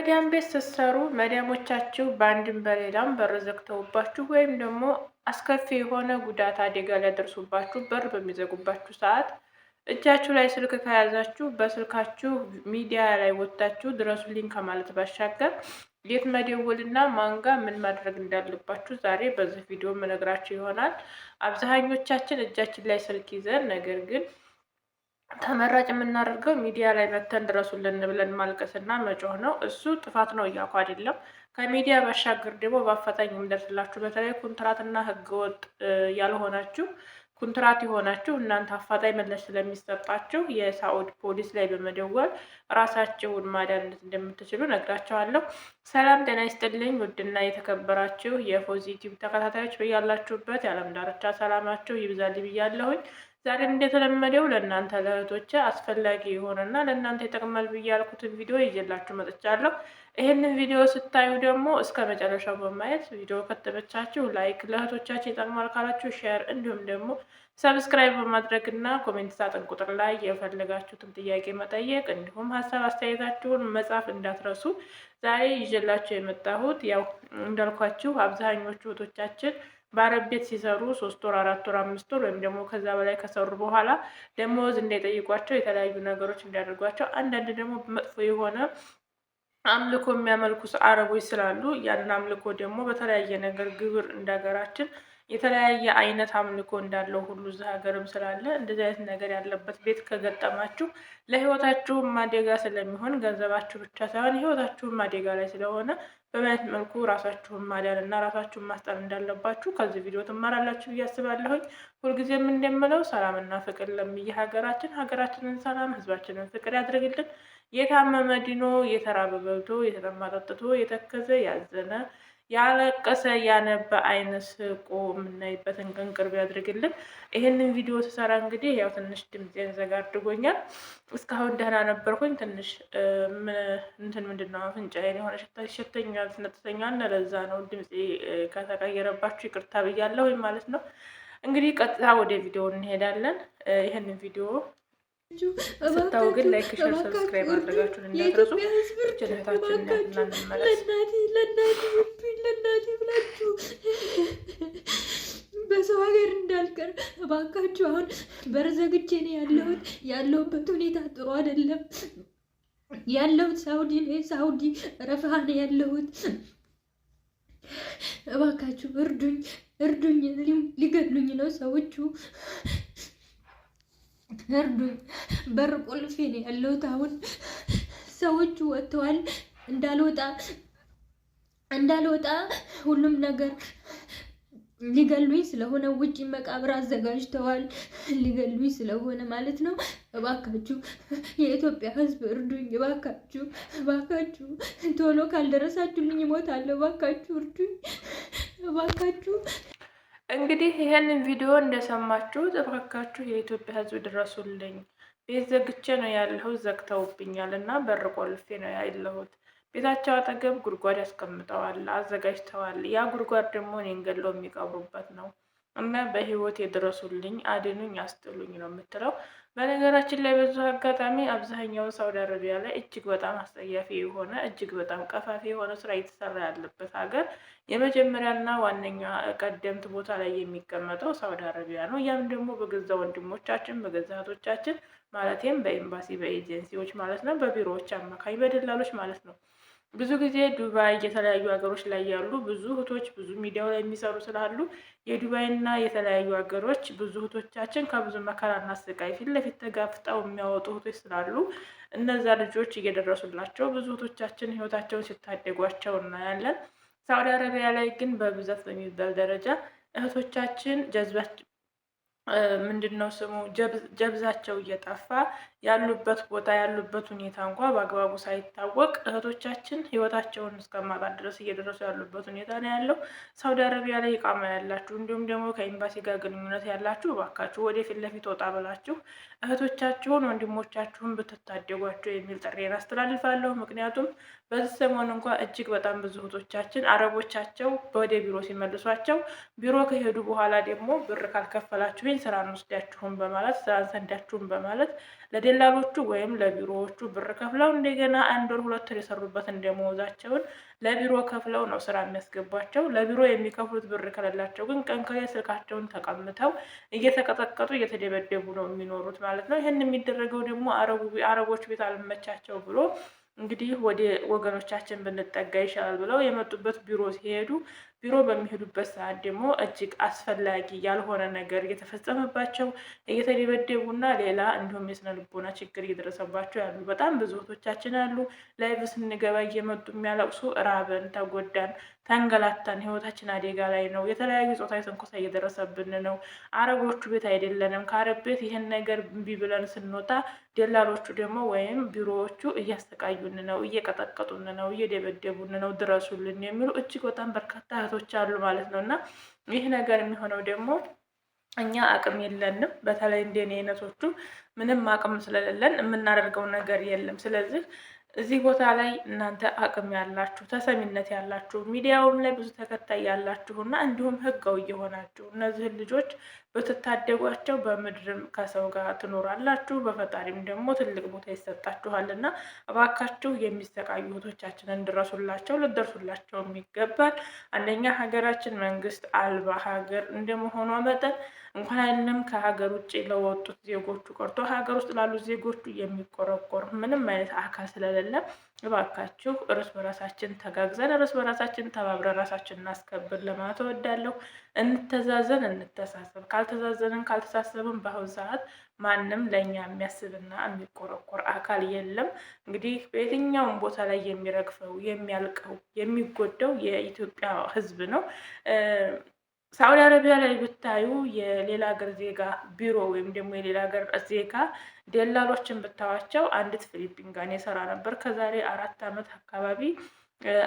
በመዳም ቤት ስትሰሩ መዲያሞቻችሁ በአንድም በሌላም በር ዘግተውባችሁ ወይም ደግሞ አስከፊ የሆነ ጉዳት አደጋ ሊያደርሱባችሁ በር በሚዘጉባችሁ ሰዓት እጃችሁ ላይ ስልክ ከያዛችሁ በስልካችሁ ሚዲያ ላይ ወጥታችሁ ድረሱልኝ ከማለት ባሻገር የት እና ማንጋ ምን ማድረግ እንዳለባችሁ ዛሬ በዚህ ቪዲዮ መነግራችሁ ይሆናል። አብዛኞቻችን እጃችን ላይ ስልክ ይዘን ነገር ግን ተመራጭ የምናደርገው ሚዲያ ላይ መተን ድረሱልን ብለን ማልቀስ እና መጮህ ነው። እሱ ጥፋት ነው እያልኩ አይደለም። ከሚዲያ ባሻገር ደግሞ በአፋጣኝ የምደርስላችሁ በተለይ ኮንትራትና ህገወጥ ያልሆናችሁ ኮንትራት የሆናችሁ እናንተ አፋጣኝ መለስ ስለሚሰጣችሁ የሳኡድ ፖሊስ ላይ በመደወል ራሳችሁን ማዳን እንደምትችሉ ነግራችኋለሁ። ሰላም ጤና ይስጥልኝ። ውድና የተከበራችሁ የፖዚቲቭ ተከታታዮች በያላችሁበት የዓለም ዳርቻ ሰላማችሁ ይብዛልኝ ብያለሁኝ። ዛሬም እንደተለመደው ለእናንተ ለእህቶች አስፈላጊ የሆነና ለእናንተ ይጠቅማል ብዬ ያልኩትን ቪዲዮ ይዤላችሁ መጥቻለሁ። ይህንን ቪዲዮ ስታዩ ደግሞ እስከ መጨረሻው በማየት ቪዲዮ ከተመቻችሁ ላይክ፣ ለእህቶቻችን ይጠቅማል ካላችሁ ሼር፣ እንዲሁም ደግሞ ሰብስክራይብ በማድረግና ኮሜንት ሳጥን ቁጥር ላይ የፈለጋችሁትን ጥያቄ መጠየቅ እንዲሁም ሀሳብ አስተያየታችሁን መጻፍ እንዳትረሱ። ዛሬ ይዤላችሁ የመጣሁት ያው እንዳልኳችሁ አብዛኞቹ እህቶቻችን በአረብ ቤት ሲሰሩ ሶስት ወር አራት ወር አምስት ወር ወይም ደግሞ ከዛ በላይ ከሰሩ በኋላ ደሞዝ እንዳይጠይቋቸው የተለያዩ ነገሮች እንዲያደርጓቸው አንዳንድ ደግሞ መጥፎ የሆነ አምልኮ የሚያመልኩ አረቦች ስላሉ ያንን አምልኮ ደግሞ በተለያየ ነገር ግብር እንደ ሀገራችን የተለያየ አይነት አምልኮ እንዳለው ሁሉ እዚህ ሀገርም ስላለ እንደዚህ አይነት ነገር ያለበት ቤት ከገጠማችሁ ለህይወታችሁም አደጋ ስለሚሆን ገንዘባችሁ ብቻ ሳይሆን ህይወታችሁም አደጋ ላይ ስለሆነ በማየት መልኩ ራሳችሁን ማዳን እና ራሳችሁን ማስጠር እንዳለባችሁ ከዚህ ቪዲዮ ትማራላችሁ ብዬ አስባለሁኝ። ሁልጊዜም እንደምለው ሰላምና ፍቅር ለሚየ ሀገራችን ሀገራችንን ሰላም ህዝባችንን ፍቅር ያድርግልን። የታመመ ድኖ የተራበ በልቶ የተጠማ ጠጥቶ የተከዘ ያዘነ ያለቀሰ ያነባ አይነት ስቆ የምናይበትን ቀን ቅርብ ያድርግልን። ይህንን ቪዲዮ ስሰራ እንግዲህ ያው ትንሽ ድምፄን ዘጋ አድርጎኛል። እስካሁን ደህና ነበርኩኝ። ትንሽ እንትን ምንድነው አፍንጫ አፍንጫዬን የሆነ ሽታ ይሸተኛል፣ ትነጥተኛል። ለዛ ነው ድምፄ ከተቀየረባችሁ ይቅርታ ብያለሁ ማለት ነው። እንግዲህ ቀጥታ ወደ ቪዲዮ እንሄዳለን። ይህንን ቪዲዮ ስታው ግን ላይክ ሸር ሰብስክራይብ ለእናቴ ብላችሁ በሰው ሀገር እንዳልቀር እባካችሁ። አሁን በርዘግቼ ነው ያለሁት። ያለሁበት ሁኔታ ጥሩ አይደለም። ያለሁት ሳውዲ ሳውዲ ረፍሃ ነው ያለሁት። እባካችሁ እርዱኝ፣ እርዱኝ። ሊገሉኝ ነው ሰዎቹ እርዱ። በር ቆልፌ ነው ያለሁት። አሁን ሰዎቹ ወጥተዋል። እንዳልወጣ እንዳልወጣ ሁሉም ነገር ሊገሉኝ ስለሆነ ውጪ መቃብር አዘጋጅተዋል። ሊገሉኝ ስለሆነ ማለት ነው። እባካችሁ የኢትዮጵያ ሕዝብ እርዱኝ። እባካችሁ እባካችሁ፣ ቶሎ ካልደረሳችሁልኝ እሞታለሁ። እባካችሁ እርዱኝ። እባካችሁ እንግዲህ ይህንን ቪዲዮ እንደሰማችሁ እባካችሁ የኢትዮጵያ ሕዝብ ድረሱልኝ። ቤት ዘግቼ ነው ያለሁት፣ ዘግተውብኛል እና በር ቆልፌ ነው ያለሁት። ቤታቸው አጠገብ ጉድጓድ ያስቀምጠዋል፣ አዘጋጅተዋል። ያ ጉድጓድ ደግሞ እኔን ገለው የሚቀብሩበት ነው እና በህይወት የድረሱልኝ፣ አድኑኝ፣ አስጥሉኝ ነው የምትለው። በነገራችን ላይ በዙ አጋጣሚ አብዛኛው ሳውዲ አረቢያ ላይ እጅግ በጣም አስጠያፊ የሆነ እጅግ በጣም ቀፋፊ የሆነ ስራ እየተሰራ ያለበት ሀገር የመጀመሪያና ዋነኛ ቀደምት ቦታ ላይ የሚቀመጠው ሳውዲ አረቢያ ነው። ያም ደግሞ በገዛ ወንድሞቻችን በገዛ እህቶቻችን ማለትም በኤምባሲ በኤጀንሲዎች ማለት ነው፣ በቢሮዎች አማካኝ በደላሎች ማለት ነው ብዙ ጊዜ ዱባይ የተለያዩ ሀገሮች ላይ ያሉ ብዙ እህቶች ብዙ ሚዲያው ላይ የሚሰሩ ስላሉ የዱባይና የተለያዩ ሀገሮች ብዙ እህቶቻችን ከብዙ መከራና ስቃይ ፊት ለፊት ተጋፍጠው የሚያወጡ እህቶች ስላሉ እነዛ ልጆች እየደረሱላቸው ብዙ እህቶቻችን ህይወታቸውን ሲታደጓቸው እናያለን። ሳውዲ አረቢያ ላይ ግን በብዛት በሚባል ደረጃ እህቶቻችን ምንድን ነው ስሙ ጀብዛቸው እየጠፋ ያሉበት ቦታ ያሉበት ሁኔታ እንኳ በአግባቡ ሳይታወቅ እህቶቻችን ህይወታቸውን እስከማጣት ድረስ እየደረሱ ያሉበት ሁኔታ ነው ያለው። ሳውዲ አረቢያ ላይ እቃማ ያላችሁ እንዲሁም ደግሞ ከኤምባሲ ጋር ግንኙነት ያላችሁ እባካችሁ ወደ ፊት ለፊት ወጣ ብላችሁ እህቶቻችሁን ወንድሞቻችሁን ብትታደጓቸው የሚል ጥሬን አስተላልፋለሁ። ምክንያቱም በዚህ ሰሞን እንኳ እጅግ በጣም ብዙ እህቶቻችን አረቦቻቸው ወደ ቢሮ ሲመልሷቸው ቢሮ ከሄዱ በኋላ ደግሞ ብር ካልከፈላችሁ በርሜል ስራ እንወስዳችሁም በማለት ስራ እንሰዳችሁም በማለት ለደላሎቹ ወይም ለቢሮዎቹ ብር ከፍለው እንደገና አንድ ወር ሁለት ወር የሰሩበትን ደመወዛቸውን ለቢሮ ከፍለው ነው ስራ የሚያስገቧቸው። ለቢሮ የሚከፍሉት ብር ከሌላቸው ግን ቀን ከሌት ስልካቸውን ተቀምተው እየተቀጠቀጡ እየተደበደቡ ነው የሚኖሩት ማለት ነው። ይህን የሚደረገው ደግሞ አረቦች ቤት አልመቻቸው ብሎ እንግዲህ ወደ ወገኖቻችን ብንጠጋ ይሻላል ብለው የመጡበት ቢሮ ሲሄዱ ቢሮ በሚሄዱበት ሰዓት ደግሞ እጅግ አስፈላጊ ያልሆነ ነገር እየተፈጸመባቸው እየተደበደቡና ሌላ እንዲሁም የስነ ልቦና ችግር እየደረሰባቸው ያሉ በጣም ብዙ እህቶቻችን አሉ። ላይቭ ስንገባ እየመጡ የሚያለቅሱ ራብን፣ ተጎዳን ተንገላታን፣ ህይወታችን አደጋ ላይ ነው፣ የተለያዩ ጾታዊ ትንኮሳ እየደረሰብን ነው፣ አረቦቹ ቤት አይደለንም። ከአረብ ቤት ይህን ነገር እምቢ ብለን ስንወጣ ደላሎቹ ደግሞ ወይም ቢሮዎቹ እያሰቃዩን ነው፣ እየቀጠቀጡን ነው፣ እየደበደቡን ነው፣ ድረሱልን የሚሉ እጅግ በጣም በርካታ እህቶች አሉ ማለት ነው እና ይህ ነገር የሚሆነው ደግሞ እኛ አቅም የለንም። በተለይ እንደኔ አይነቶቹ ምንም አቅም ስለሌለን የምናደርገው ነገር የለም። ስለዚህ እዚህ ቦታ ላይ እናንተ አቅም ያላችሁ ተሰሚነት ያላችሁ ሚዲያውም ላይ ብዙ ተከታይ ያላችሁ እና እንዲሁም ህጋዊ የሆናችሁ እነዚህን ልጆች ብትታደጓቸው በምድርም ከሰው ጋር ትኖራላችሁ፣ በፈጣሪም ደግሞ ትልቅ ቦታ ይሰጣችኋል እና እባካችሁ የሚሰቃዩ እህቶቻችንን እንድረሱላቸው ልደርሱላቸው ይገባል። አንደኛ ሀገራችን መንግስት አልባ ሀገር እንደመሆኗ መጠን እንኳን አይደለም ከሀገር ውጭ ለወጡት ዜጎቹ ቀርቶ ሀገር ውስጥ ላሉ ዜጎቹ የሚቆረቆር ምንም አይነት አካል ስለሌለም እባካችሁ እርስ በራሳችን ተጋግዘን እርስ በራሳችን ተባብረን ራሳችን እናስከብር ለማለት እወዳለሁ። እንተዛዘን፣ እንተሳሰብ። ካልተዛዘንን ካልተሳሰብን በአሁን ሰዓት ማንም ለእኛ የሚያስብና የሚቆረቆር አካል የለም። እንግዲህ በየትኛውም ቦታ ላይ የሚረግፈው የሚያልቀው የሚጎዳው የኢትዮጵያ ሕዝብ ነው። ሳውዲ አረቢያ ላይ ብታዩ የሌላ ሀገር ዜጋ ቢሮ ወይም ደግሞ የሌላ ሀገር ዜጋ ደላሎችን ብታዋቸው አንዲት ፊሊፒን ጋር የሰራ ነበር ከዛሬ አራት ዓመት አካባቢ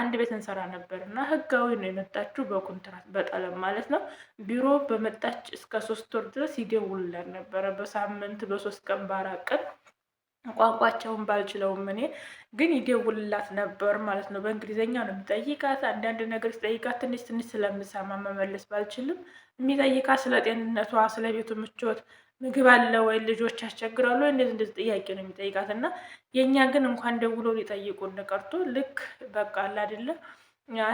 አንድ ቤት እንሰራ ነበር እና ህጋዊ ነው የመጣችው በኮንትራት በጠለም ማለት ነው። ቢሮ በመጣች እስከ ሶስት ወር ድረስ ይደውልለን ነበረ በሳምንት በሶስት ቀን በአራት ቀን ቋንቋቸውን ባልችለውም እኔ ግን ይደውልላት ነበር ማለት ነው። በእንግሊዝኛ ነው የሚጠይቃት። አንዳንድ ነገር ሲጠይቃት ትንሽ ትንሽ ስለምሰማ መመለስ ባልችልም የሚጠይቃት ስለ ጤንነቷ፣ ስለ ቤቱ ምቾት፣ ምግብ አለ ወይ፣ ልጆች ያስቸግራሉ ወይ፣ እንደዚህ እንደዚህ ጥያቄ ነው የሚጠይቃት እና የእኛ ግን እንኳን ደውሎ ሊጠይቁን ቀርቶ ልክ በቃ አለ አይደለም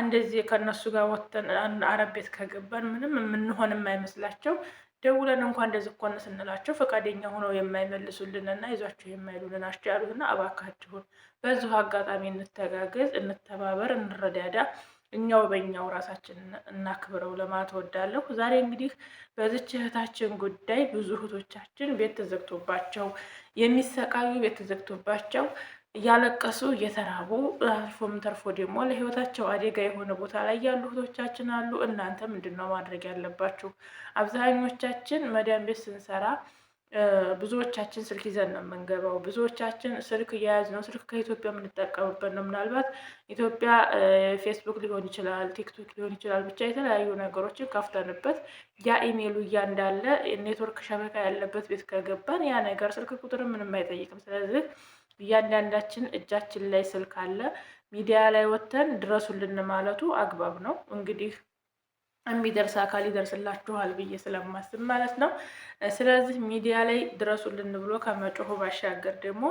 እንደዚህ ከእነሱ ጋር ወተን አረብ ቤት ከገባን ምንም የምንሆን የማይመስላቸው ደውለን እንኳን እንደዚህ እኮ ስንላቸው ፈቃደኛ ሆነው የማይመልሱልንና ይዟቸው የማይሉን ናቸው ያሉትና እባካችሁን በዚሁ አጋጣሚ እንተጋገዝ፣ እንተባበር፣ እንረዳዳ እኛው በእኛው ራሳችን እናክብረው ለማለት ወዳለሁ። ዛሬ እንግዲህ በዚች እህታችን ጉዳይ ብዙ እህቶቻችን ቤት ተዘግቶባቸው የሚሰቃዩ ቤት ተዘግቶባቸው እያለቀሱ እየተራቡ አልፎም ተርፎ ደግሞ ለህይወታቸው አደጋ የሆነ ቦታ ላይ ያሉ እህቶቻችን አሉ። እናንተ ምንድን ነው ማድረግ ያለባችሁ? አብዛኞቻችን መዳን ቤት ስንሰራ ብዙዎቻችን ስልክ ይዘን ነው የምንገባው። ብዙዎቻችን ስልክ እየያዝ ነው ስልክ ከኢትዮጵያ የምንጠቀምበት ነው። ምናልባት ኢትዮጵያ ፌስቡክ ሊሆን ይችላል፣ ቲክቶክ ሊሆን ይችላል፣ ብቻ የተለያዩ ነገሮችን ከፍተንበት ያ ኢሜሉ እያ እንዳለ ኔትወርክ ሸበካ ያለበት ቤት ከገባን ያ ነገር ስልክ ቁጥር ምንም አይጠይቅም። ስለዚህ እያንዳንዳችን እጃችን ላይ ስልክ አለ። ሚዲያ ላይ ወጥተን ድረሱልን ማለቱ አግባብ ነው እንግዲህ የሚደርስ አካል ይደርስላችኋል ብዬ ስለማስብ ማለት ነው። ስለዚህ ሚዲያ ላይ ድረሱልን ብሎ ከመጮሁ ባሻገር ደግሞ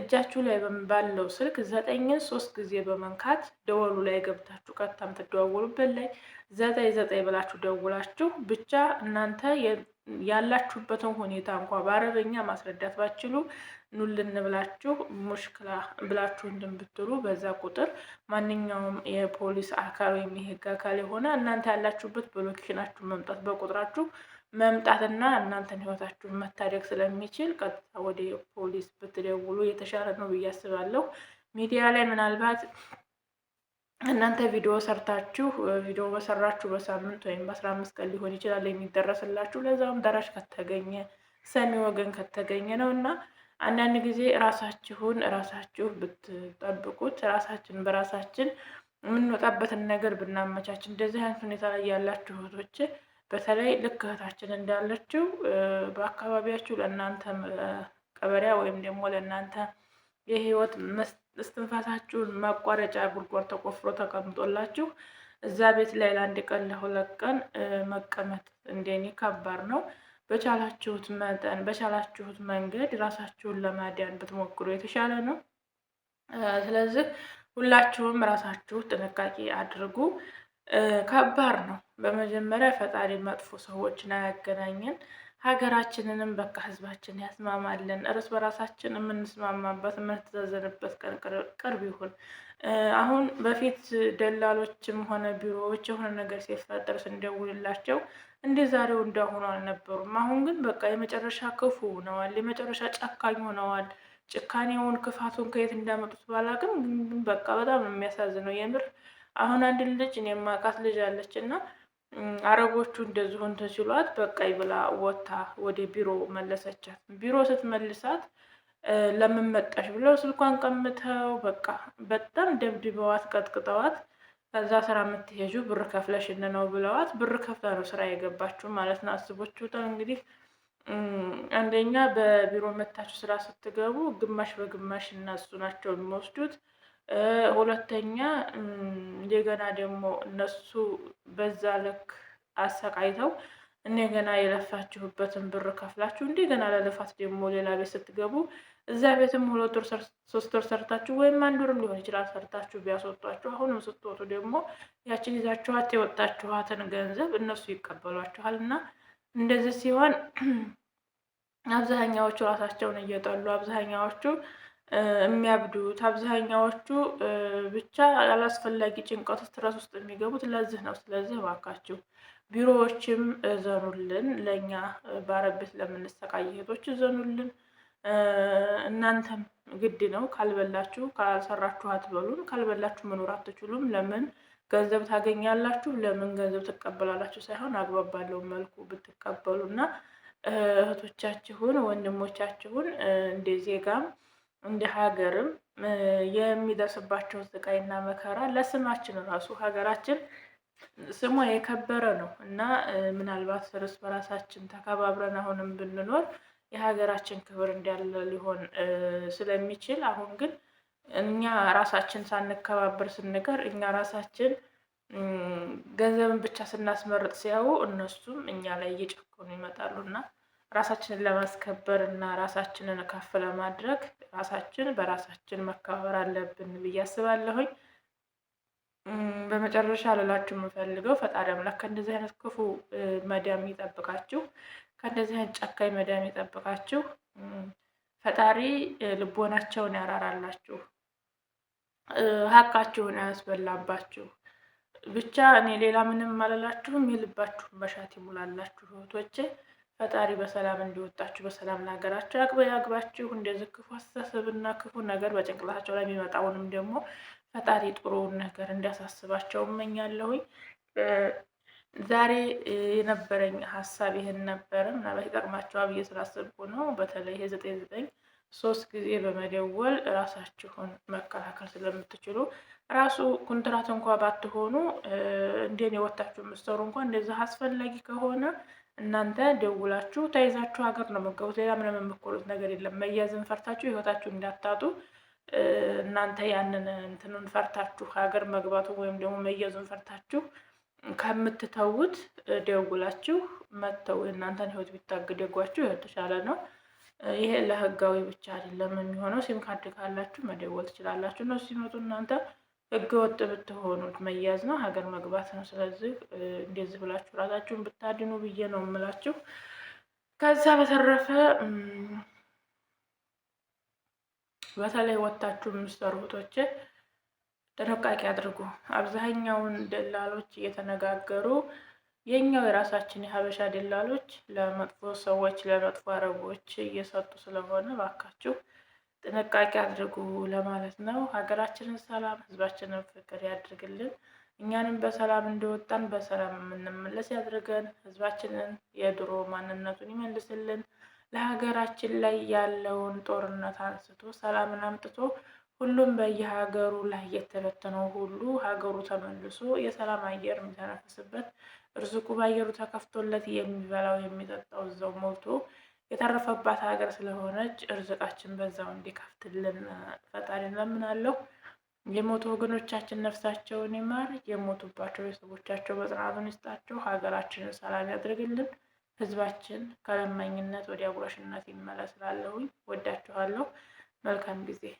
እጃችሁ ላይ ባለው ስልክ ዘጠኝን ሶስት ጊዜ በመንካት ደወሉ ላይ ገብታችሁ ቀጥታ የምትደዋወሉበት ላይ ዘጠኝ ዘጠኝ ብላችሁ ደውላችሁ ብቻ እናንተ ያላችሁበትን ሁኔታ እንኳ በአረበኛ ማስረዳት ባችሉ ኑልን ብላችሁ ሙሽክላ ብላችሁ እንድንብትሉ በዛ ቁጥር ማንኛውም የፖሊስ አካል ወይም የህግ አካል የሆነ እናንተ ያላችሁበት በሎኬሽናችሁ መምጣት በቁጥራችሁ መምጣትና እናንተን ህይወታችሁን መታደግ ስለሚችል ቀጥታ ወደ ፖሊስ ብትደውሉ የተሻለ ነው ብዬ አስባለሁ። ሚዲያ ላይ ምናልባት እናንተ ቪዲዮ ሰርታችሁ ቪዲዮ በሰራችሁ በሳምንት ወይም በአስራ አምስት ቀን ሊሆን ይችላል የሚደረስላችሁ። ለዛውም ደራሽ ከተገኘ ሰሚ ወገን ከተገኘ ነው እና አንዳንድ ጊዜ ራሳችሁን ራሳችሁ ብትጠብቁት ራሳችን በራሳችን የምንወጣበትን ነገር ብናመቻች። እንደዚህ አይነት ሁኔታ ላይ ያላችሁ እህቶች በተለይ ልክ እህታችን እንዳለችው በአካባቢያችሁ ለእናንተ ቀበሪያ ወይም ደግሞ ለእናንተ የህይወት መስ እስትንፋሳችሁን መቋረጫ ጉድጓድ ተቆፍሮ ተቀምጦላችሁ እዛ ቤት ላይ ለአንድ ቀን ለሁለት ቀን መቀመጥ እንደኔ ከባድ ነው። በቻላችሁት መጠን በቻላችሁት መንገድ ራሳችሁን ለማዳን ብትሞክሩ የተሻለ ነው። ስለዚህ ሁላችሁም ራሳችሁ ጥንቃቄ አድርጉ። ከባድ ነው። በመጀመሪያ ፈጣሪ መጥፎ ሰዎችን አያገናኘን። ሀገራችንንም በቃ ህዝባችን ያስማማልን። እርስ በራሳችን የምንስማማበት የምንተዛዘንበት ቀን ቅርብ ይሁን። አሁን በፊት ደላሎችም ሆነ ቢሮዎች የሆነ ነገር ሲፈጠር ስንደውልላቸው እንደ ዛሬው እንደሆኑ አልነበሩም። አሁን ግን በቃ የመጨረሻ ክፉ ሆነዋል፣ የመጨረሻ ጨካኝ ሆነዋል። ጭካኔውን ክፋቱን ከየት እንዳመጡት ባላቅም በቃ በጣም የሚያሳዝነው የምር። አሁን አንድ ልጅ እኔ የማውቃት ልጅ አለች እና አረቦቹ እንደዚህ ሆን ተችሏት በቃይ ብላ ወታ ወደ ቢሮ መለሰቻት። ቢሮ ስትመልሳት ለምን መጣሽ ብለው ስልኳን ቀምተው በቃ በጣም ደብድበዋት ቀጥቅጠዋት፣ ከዛ ስራ የምትሄጁ ብር ከፍለሽ ነው ብለዋት ብር ከፍለ ነው ስራ የገባችሁ ማለት ነው። አስቦችሁታል እንግዲህ አንደኛ በቢሮ መታችሁ ስራ ስትገቡ ግማሽ በግማሽ እነሱ ናቸው የሚወስዱት። ሁለተኛ እንደገና ደግሞ እነሱ በዛ ልክ አሰቃይተው እንደገና የለፋችሁበትን ብር ከፍላችሁ እንደገና ለልፋት ደግሞ ሌላ ቤት ስትገቡ እዛ ቤትም ሁለት ወር ሶስት ወር ሰርታችሁ ወይም አንድ ወርም ሊሆን ይችላል ሰርታችሁ ቢያስወጧችሁ አሁንም ስትወጡ ደግሞ ያችን ይዛችኋት የወጣችኋትን ገንዘብ እነሱ ይቀበሏችኋል እና እንደዚህ ሲሆን አብዛኛዎቹ ራሳቸውን እየጠሉ አብዛኛዎቹ የሚያብዱት አብዛኛዎቹ ብቻ አላስፈላጊ ጭንቀት፣ ስትረስ ውስጥ የሚገቡት ለዚህ ነው። ስለዚህ እባካችሁ ቢሮዎችም እዘኑልን፣ ለእኛ በአረብ ቤት ለምንሰቃይ እህቶች እዘኑልን። እናንተም ግድ ነው። ካልበላችሁ ካልሰራችሁ አትበሉም። ካልበላችሁ መኖር አትችሉም። ለምን ገንዘብ ታገኛላችሁ፣ ለምን ገንዘብ ትቀበላላችሁ ሳይሆን አግባብ ባለው መልኩ ብትቀበሉ እና እህቶቻችሁን ወንድሞቻችሁን እንደ ዜጋም እንደ ሀገርም የሚደርስባቸው እና መከራ ለስማችን ራሱ ሀገራችን ስሟ የከበረ ነው እና ምናልባት እርስ በራሳችን ተከባብረን አሁንም ብንኖር የሀገራችን ክብር እንዳለ ሊሆን ስለሚችል አሁን ግን እኛ ራሳችን ሳንከባበር ስንቀር እኛ ራሳችን ገንዘብን ብቻ ስናስመርጥ ሲያዩ እነሱም እኛ ላይ እየጨከኑ ይመጣሉ እና ራሳችንን ለማስከበር እና ራሳችንን ከፍ ለማድረግ ራሳችን በራሳችን መከባበር አለብን ብዬ አስባለሁኝ። በመጨረሻ ልላችሁ የምፈልገው ፈጣሪ አምላክ ከእንደዚህ አይነት ክፉ መዳም ይጠብቃችሁ፣ ከእንደዚህ አይነት ጨካኝ መዳም ይጠብቃችሁ። ፈጣሪ ልቦናቸውን ያራራላችሁ፣ ሀቃችሁን አያስበላባችሁ። ብቻ እኔ ሌላ ምንም አልላችሁም። የልባችሁን መሻት ይሙላላችሁ እህቶቼ። ፈጣሪ በሰላም እንዲወጣችሁ በሰላም ለሀገራችሁ አግባ ያግባችሁ። እንደዚህ ክፉ እና ክፉ ነገር በጭንቅላታቸው ላይ የሚመጣውንም ደግሞ ፈጣሪ ጥሩውን ነገር እንዲያሳስባቸው እመኛለሁኝ። ዛሬ የነበረኝ ሀሳብ ይህን ነበረ። ምናልባት ይጠቅማቸዋል ብዬ ስላሰብኩ ነው። በተለይ ይሄ ዘጠኝ ዘጠኝ ሶስት ጊዜ በመደወል ራሳችሁን መከላከል ስለምትችሉ ራሱ ኩንትራት እንኳ ባትሆኑ እንዴን የወጣችሁ የምትሰሩ እንኳ እንደዚህ አስፈላጊ ከሆነ እናንተ ደውላችሁ ተይዛችሁ ሀገር ነው የምትገቡት። ሌላ ምንም የምኮሉት ነገር የለም። መያዝን ፈርታችሁ ህይወታችሁ እንዳታጡ እናንተ ያንን እንትኑን ፈርታችሁ ሀገር መግባቱ ወይም ደግሞ መያዙን ፈርታችሁ ከምትተዉት ደውላችሁ መተው እናንተን ህይወት ቢታገደጓችሁ የተሻለ ነው። ይሄ ለህጋዊ ብቻ አይደለም የሚሆነው። ሲም ካርድ ካላችሁ መደወል ትችላላችሁ። እነሱ ሲመጡ እናንተ ህገ ወጥ ብትሆኑት መያዝ ነው፣ ሀገር መግባት ነው። ስለዚህ እንደዚህ ብላችሁ ራሳችሁን ብታድኑ ብዬ ነው የምላችሁ። ከዛ በተረፈ በተለይ ወታችሁ የምትሰሩ እህቶቼ ጥንቃቄ አድርጉ። አብዛኛውን ደላሎች እየተነጋገሩ የኛው የራሳችን የሀበሻ ደላሎች ለመጥፎ ሰዎች ለመጥፎ አረቦች እየሰጡ ስለሆነ ባካችሁ ጥንቃቄ አድርጉ ለማለት ነው። ሀገራችንን ሰላም፣ ህዝባችንን ፍቅር ያድርግልን። እኛንም በሰላም እንደወጣን በሰላም የምንመለስ ያድርገን። ህዝባችንን የድሮ ማንነቱን ይመልስልን። ለሀገራችን ላይ ያለውን ጦርነት አንስቶ ሰላምን አምጥቶ ሁሉም በየሀገሩ ላይ የተበተነው ሁሉ ሀገሩ ተመልሶ የሰላም አየር የሚተነፍስበት እርዝቁ በአየሩ ተከፍቶለት የሚበላው የሚጠጣው እዛው ሞልቶ የተረፈባት ሀገር ስለሆነች እርዝቃችን በዛው እንዲከፍትልን ፈጣሪ እንለምናለሁ። የሞቱ ወገኖቻችን ነፍሳቸውን ይማር፣ የሞቱባቸው ቤተሰቦቻቸው መጽናናቱን ይስጣቸው፣ ሀገራችንን ሰላም ያድርግልን፣ ህዝባችን ከለማኝነት ወደ አጉራሽነት ይመለስ። ወዳችኋለሁ። መልካም ጊዜ